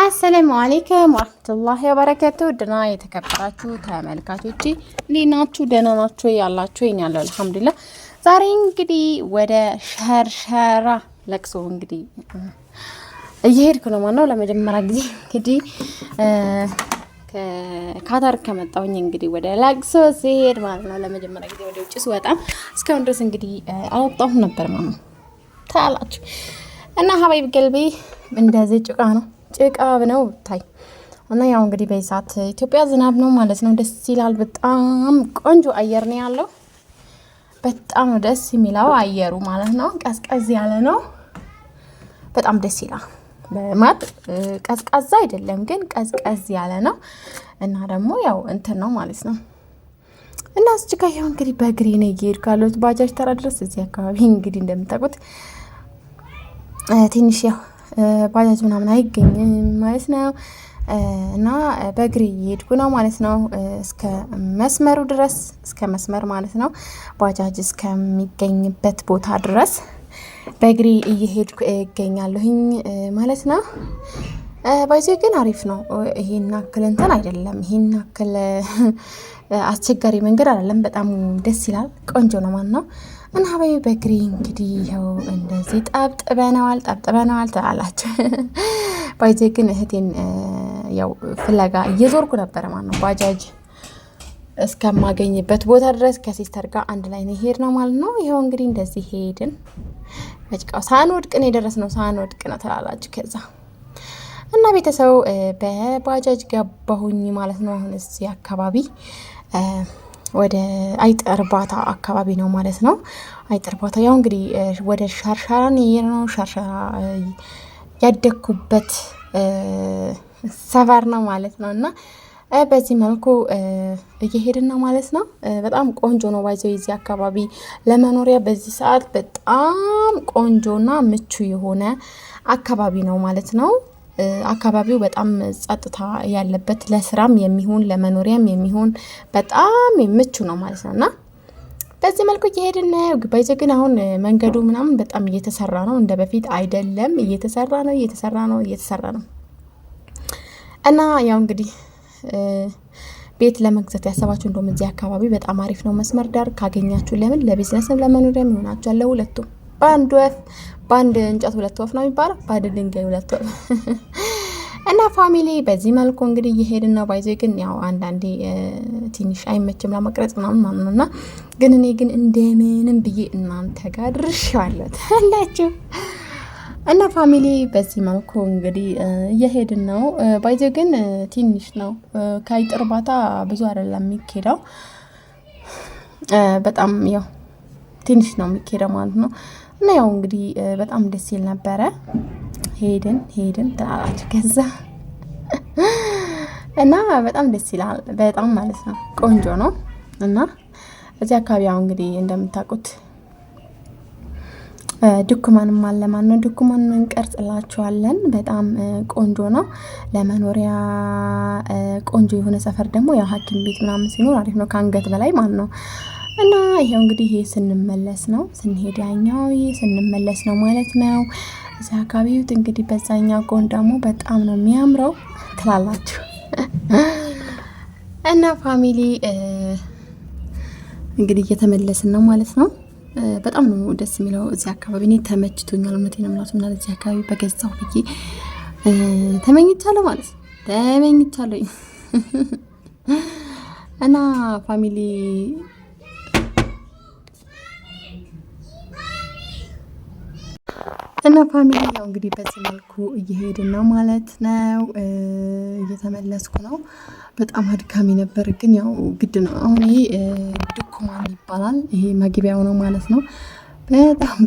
አሰላሙ አሌይኩም ወረህመቱላሂ ወበረከቱ ድና የተከበራችሁ ተመልካቾች እንዴት ናችሁ? ደህና ናችሁ ያላችሁ ይን ያለው አልሐምዱሊላህ። ዛሬ እንግዲህ ወደ ሸርሸራ ለቅሶ እንግዲህ እየሄድኩ ነው ማለት ነው። ለመጀመሪያ ጊዜ እንግዲህ ከካታር ከመጣሁኝ እንግዲህ ወደ ለቅሶ ሲሄድ ማለት ነው። ለመጀመሪያ ጊዜ ወደ ውጭ ስወጣም እስካሁን ድረስ እንግዲህ አልወጣሁም ነበር ማለት ነው። ታላችሁ እና ሀባይብ ገልቤ እንደዚህ ጭቃ ነው ጭቃ ነው ብታይ እና ያው እንግዲህ በዚህ ሰዓት ኢትዮጵያ ዝናብ ነው ማለት ነው። ደስ ይላል። በጣም ቆንጆ አየር ነው ያለው። በጣም ነው ደስ የሚለው አየሩ ማለት ነው። ቀዝቀዝ ያለ ነው። በጣም ደስ ይላል። በማት ቀዝቃዛ አይደለም ግን ቀዝቀዝ ያለ ነው እና ደግሞ ያው እንትን ነው ማለት ነው እና እዚህ ጋር ያው እንግዲህ በእግሬ ነው እየሄድኩ ያለሁት ባጃጅ ተራ ድረስ እዚህ አካባቢ እንግዲህ እንደምታውቁት ትንሽ ያው ባጃጅ ምናምን አይገኝም ማለት ነው። እና በእግሬ እየሄድኩ ነው ማለት ነው። እስከ መስመሩ ድረስ እስከ መስመር ማለት ነው። ባጃጅ እስከሚገኝበት ቦታ ድረስ በእግሬ እየሄድኩ እገኛለሁኝ ማለት ነው። ባይዜ ግን አሪፍ ነው። ይሄን አክል እንትን አይደለም፣ ይሄን አክል አስቸጋሪ መንገድ አይደለም። በጣም ደስ ይላል፣ ቆንጆ ነው። ማን ነው እና ሀበይ በግሪ እንግዲህ ይኸው እንደዚህ ጠብጥበነዋል፣ ጠብጥበነዋል ትላላችሁ። ባይዜ ግን እህቴን ያው ፍለጋ እየዞርኩ ነበረ። ማን ነው ባጃጅ እስከማገኝበት ቦታ ድረስ ከሲስተር ጋር አንድ ላይ ነው ሄድ ነው ማለት ነው። ይኸው እንግዲህ እንደዚህ ሄድን። በጭቃው ሳንወድቅ ነው የደረስነው፣ ሳንወድቅ ነው ትላላችሁ ከዛ እና ቤተሰቡ በባጃጅ ገባሁኝ ማለት ነው። አሁን እዚህ አካባቢ ወደ አይጥ እርባታ አካባቢ ነው ማለት ነው። አይጥ እርባታ ያው እንግዲህ ወደ ሻርሻራን ነው። ሻርሻራ ያደግኩበት ሰፈር ነው ማለት ነው እና በዚህ መልኩ እየሄድን ነው ማለት ነው። በጣም ቆንጆ ነው። ባይዘው የዚህ አካባቢ ለመኖሪያ በዚህ ሰዓት በጣም ቆንጆና ምቹ የሆነ አካባቢ ነው ማለት ነው። አካባቢው በጣም ጸጥታ ያለበት ለስራም የሚሆን ለመኖሪያም የሚሆን በጣም ምቹ ነው ማለት ነው እና በዚህ መልኩ እየሄድን ነው። ግን አሁን መንገዱ ምናምን በጣም እየተሰራ ነው፣ እንደ በፊት አይደለም። እየተሰራ ነው፣ እየተሰራ ነው፣ እየተሰራ ነው እና ያው እንግዲህ ቤት ለመግዛት ያሰባችሁ እንደውም እዚህ አካባቢ በጣም አሪፍ ነው። መስመር ዳር ካገኛችሁ ለምን ለቢዝነስም ለመኖሪያም ይሆናችኋል ለሁለቱም በአንድ ወፍ በአንድ እንጨት ሁለት ወፍ ነው የሚባለው፣ በአንድ ድንጋይ ሁለት ወፍ እና ፋሚሊ በዚህ መልኩ እንግዲህ እየሄድን ነው። ባይዘ ግን ያው አንዳንዴ ትንሽ አይመችም ለመቅረጽ ምናምን ማለት ነው እና ግን እኔ ግን እንደምንም ብዬ እናንተ ጋር ድርሻለት አላችሁ እና ፋሚሊ በዚህ መልኩ እንግዲህ እየሄድን ነው። ባይዘ ግን ትንሽ ነው ከአይጥ እርባታ ብዙ አይደለም የሚኬደው፣ በጣም ያው ትንሽ ነው የሚኬደው ማለት ነው። እና ያው እንግዲህ በጣም ደስ ይል ነበረ። ሄድን ሄድን ትላላችሁ ከዛ እና በጣም ደስ ይላል። በጣም ማለት ነው ቆንጆ ነው። እና እዚህ አካባቢ ያው እንግዲህ እንደምታውቁት ድኩማንም አለ ማለት ነው። ድኩማን እንቀርጽላችኋለን። በጣም ቆንጆ ነው ለመኖሪያ ቆንጆ የሆነ ሰፈር ደግሞ ያው ሐኪም ቤት ምናምን ሲኖር አሪፍ ነው ከአንገት በላይ ማለት ነው። እና ይሄው እንግዲህ ይሄ ስንመለስ ነው ስንሄድ ያኛው ይሄ ስንመለስ ነው ማለት ነው። እዚህ አካባቢውት እንግዲህ በዛኛው ጎን ደግሞ በጣም ነው የሚያምረው ትላላችሁ እና ፋሚሊ እንግዲህ እየተመለስን ነው ማለት ነው። በጣም ነው ደስ የሚለው እዚህ አካባቢ እኔ ተመችቶኛል። እውነቴን ነው የምላችሁ ምናምን እዚህ አካባቢ በገዛው ብዬ ተመኝቻለሁ ማለት ነው ተመኝቻለሁ እና ፋሚሊ እና ፋሚሊ ያው እንግዲህ በዚህ መልኩ እየሄድን ነው ማለት ነው። እየተመለስኩ ነው። በጣም አድካሚ ነበር፣ ግን ያው ግድ ነው። አሁን ይሄ ድኩማን ይባላል። ይሄ መግቢያው ነው ማለት ነው። በጣም